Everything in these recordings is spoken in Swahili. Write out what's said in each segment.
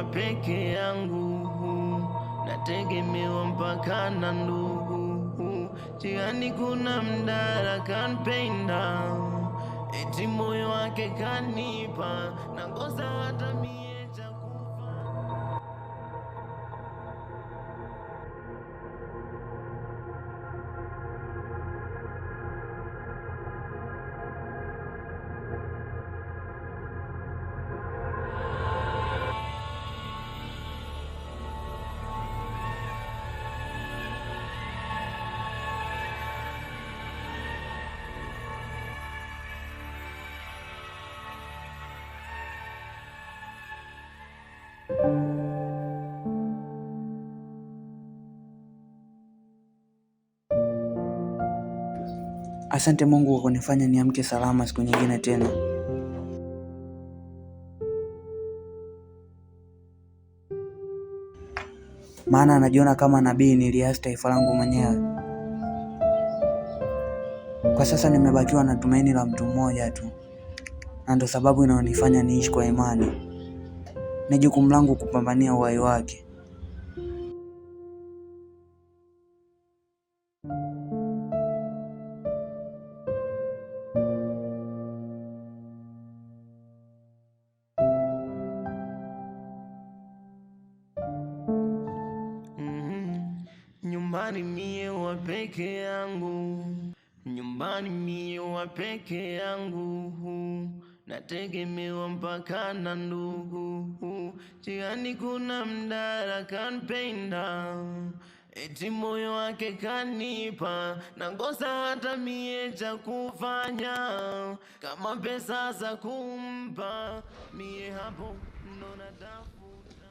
kuwa peke yangu, nategemewa mpaka na ndugu. Jirani kuna mdara kanipenda, eti moyo wake kanipa, nangosa hata mie Asante Mungu kwa kunifanya niamke salama siku nyingine tena. Maana anajiona kama nabii, niliasi taifa langu mwenyewe. Kwa sasa nimebakiwa na tumaini la mtu mmoja tu, na ndo sababu inayonifanya niishi kwa imani. Ni jukumu langu kupambania uhai wake. nyumbani mie wa peke yangu, nyumbani mie wa peke yangu, nategemewa mpaka na ndugu. Jirani kuna mdara kanpenda, eti moyo wake kanipa, nangosa hata mie cha kufanya, kama pesa za kumpa mie hapo mnona tafuta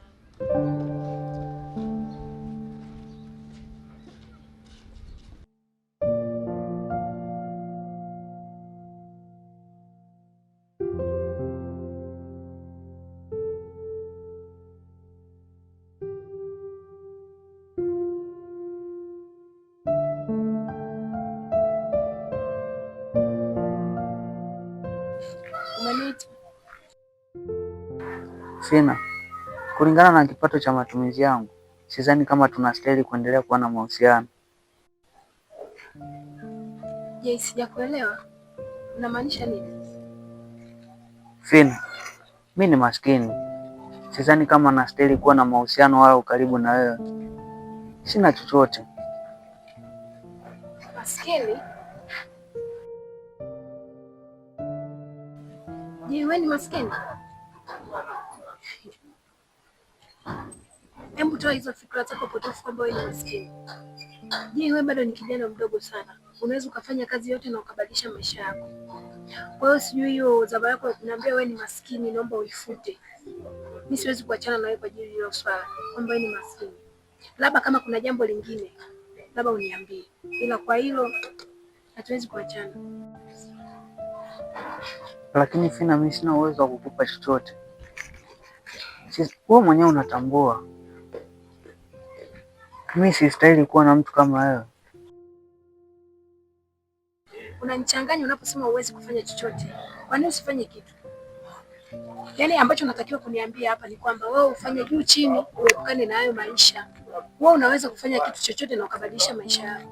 Sina kulingana na kipato cha matumizi yangu, sidhani kama tunastahili kuendelea kuwa na mahusiano. Je, sijakuelewa. Unamaanisha nini? Sina, mi ni maskini, sidhani kama nastahili kuwa na mahusiano wala ukaribu na wewe. Sina chochote. Maskini? Je, wewe ni maskini? Hebu toa hizo fikra zako potofu kwamba wewe ni maskini. Je, wewe bado ni kijana mdogo sana, unaweza ukafanya kazi yote na ukabadilisha maisha yako. Kwa hiyo sijui hiyo zaba yako kuniambia wewe ni maskini, naomba uifute. Mimi siwezi kuachana na wewe kwa ajili hilo swala kwamba wewe ni maskini. Labda kama kuna jambo lingine labda uniambie, ila kwa hilo hatuwezi kuachana. Lakini Fina, mimi sina uwezo wa kukupa chochote, wewe mwenyewe unatambua mimi sistahili kuwa na mtu kama wewe. Unanichanganya unaposema uwezi kufanya chochote. Kwa nini usifanye kitu? Yaani ambacho unatakiwa kuniambia hapa ni kwamba wewe ufanye juu chini, uepukane na hayo maisha. Wewe unaweza kufanya kitu chochote na ukabadilisha maisha yako.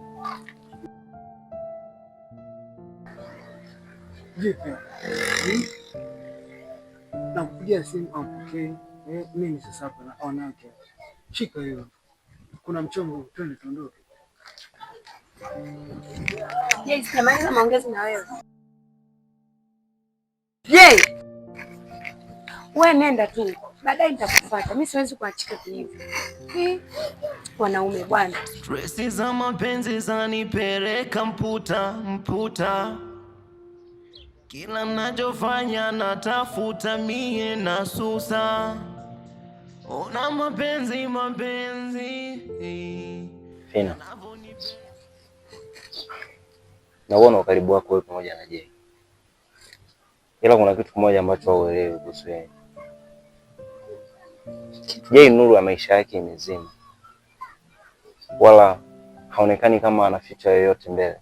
Vipi? Nakupigia simu ampokee. Eh, mimi sasa hapa naona Shika hiyo kuna mchongo, twende tuondoke. Je, maongezi na wewe. we nenda tu, baadaye nitakufuata. Mimi siwezi kuachika hivi. Wanaume bwana, stresi za mapenzi zanipeleka mputa mputa, kila nachofanya natafuta mie na susa Una oh, mapenzi mapenzi. Fina. Nauona ukaribu wako wewe pamoja na Jay. Ila kuna kitu kimoja ambacho hauelewi kuhusu yeye. Jay nuru ya maisha yake imezima, wala haonekani kama ana yoyote mbele.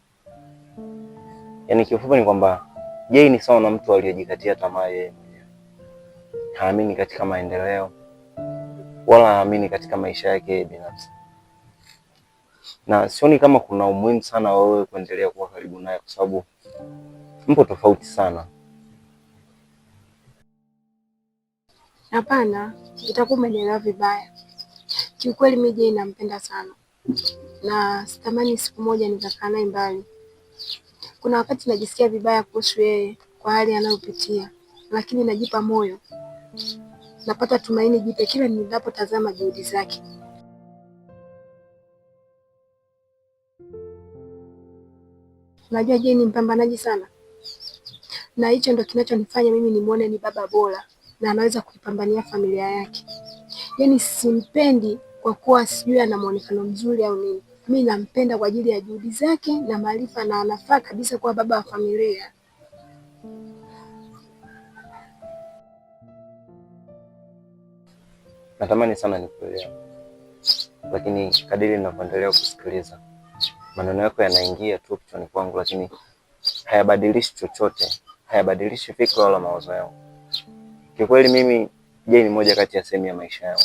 Yaani kifupi ni kwamba Jay ni sawa na mtu aliyejikatia tamaa yeye mwenyewe, haamini katika maendeleo wala anaamini katika maisha yake binafsi, na sioni kama kuna umuhimu sana wewe kuendelea kuwa karibu naye, kwa sababu mpo tofauti sana. Hapana, itakuwa umenielewa vibaya. Kiukweli mimi je, nampenda sana na sitamani siku moja nikakaa naye mbali. Kuna wakati najisikia vibaya kuhusu yeye kwa hali anayopitia, lakini najipa moyo napata tumaini jipya kila ninapotazama juhudi zake. Unajua, Jane ni mpambanaji sana, na hicho ndo kinachonifanya mimi nimwone ni baba bora na anaweza kuipambania familia yake. yani simpendi kwa kuwa sijui ana muonekano mzuri au nini. Mimi nampenda kwa ajili ya juhudi zake na maarifa, na anafaa kabisa kuwa baba wa familia. Natamani sana nikuelewa, lakini kadiri ninavyoendelea kusikiliza, maneno yako yanaingia tu kichwani kwangu, lakini hayabadilishi chochote, hayabadilishi fikra wala mawazo yangu. Kikweli mimi Jay ni moja kati ya sehemu ya maisha yangu,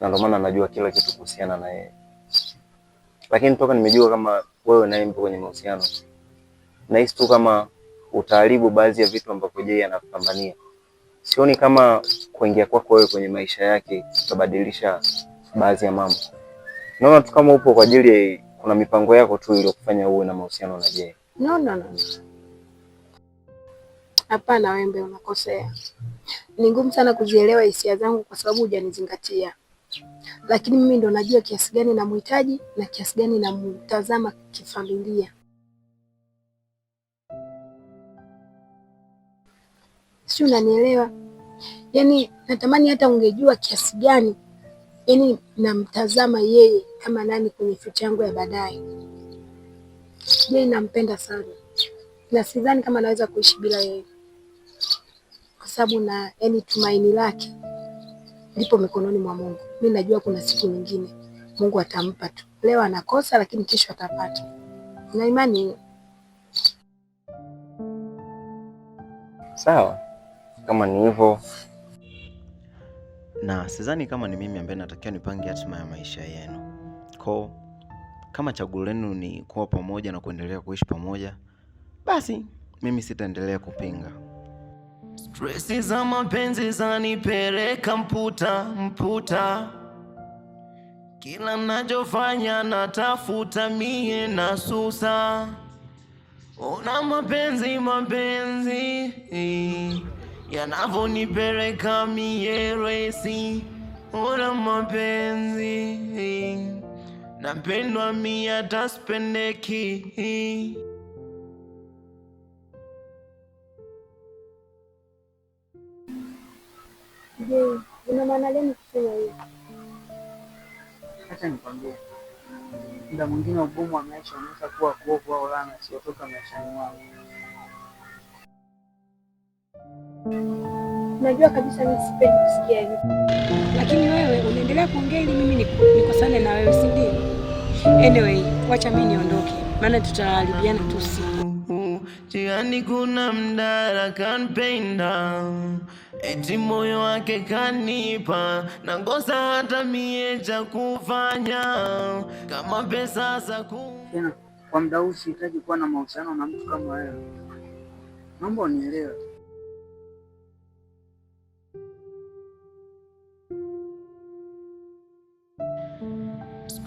na ndio maana najua kila kitu kuhusiana na yeye, lakini toka nimejua kama wewe naye mpo kwenye mahusiano, nahisi tu kama utaaribu baadhi ya vitu ambavyo Jay anapambania sioni kama kuingia kwako wewe kwenye maisha yake kutabadilisha baadhi ya mambo. Naona tu kama upo kwa ajili, kuna mipango yako tu iliyokufanya uwe na mahusiano na Jay. No, no, no. Hapana, Wembe, unakosea. Ni ngumu sana kuzielewa hisia zangu kwa sababu hujanizingatia, lakini mimi ndo najua kiasi gani namhitaji na kiasi gani namtazama kifamilia. si unanielewa? Yani natamani hata ungejua kiasi gani yani namtazama yeye kama nani kwenye future yangu ya baadaye. Yeye nampenda sana na sidhani kama naweza kuishi bila yeye, kwa sababu na yani tumaini lake lipo mikononi mwa Mungu. Mimi najua kuna siku nyingine Mungu atampa tu. Leo anakosa, lakini kesho atapata, na imani sawa kama ni hivyo, na sidhani kama ni mimi ambaye natakiwa nipange hatima ya maisha yenu. Ko, kama chaguo lenu ni kuwa pamoja na kuendelea kuishi pamoja, basi mimi sitaendelea kupinga. Stresi za mapenzi zanipeleka mputa mputa, kila nachofanya natafuta mie na susa. Una mapenzi mapenzi yanavonipeleka mieresi, ona mapenzi napendwa mi hata spendeki Je, nikwambie, muda mwingine ugumu wa maisha unaweza kuwa kuovu au laana isiyotoka maishani mwako. Najua kabisa mimi sipendi kusikia hivyo, lakini wewe unaendelea kuongea ili mimi nikosane na wewe, si ndio? Anyway, wacha mimi niondoke, maana tutaharibiana tu siku. Jiani kuna mdara kanpenda, eti moyo wake kanipa, nangosa hata mie cha kufanya kama pesa za ku kwa mda huu sihitaji kuwa na mahusiano na mtu kama wewe, naomba unielewe.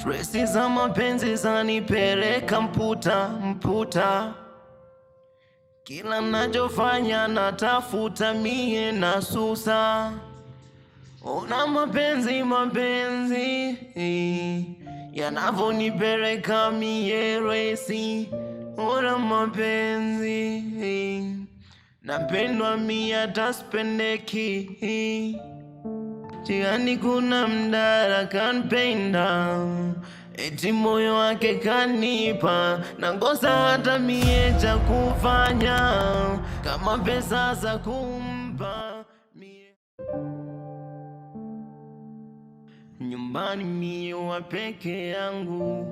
Stresi za mapenzi zanipeleka mputa mputa, kila nachofanya natafuta mie na susa. ona mapenzi mapenzi yanavonipeleka mie resi, ona mapenzi napendwa mie taspendeki jirani kuna mdara kanpenda, eti moyo wake kanipa, nangosa hata mie cha kufanya kama pesa za kumpa mie. Nyumbani mie wa peke yangu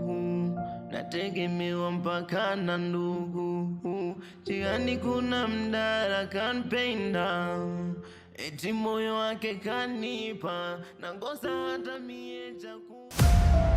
nategemewa mpaka na ndugu, jirani kuna mdara kanpenda Eti moyo wake kanipa na ngosa hata mie chakula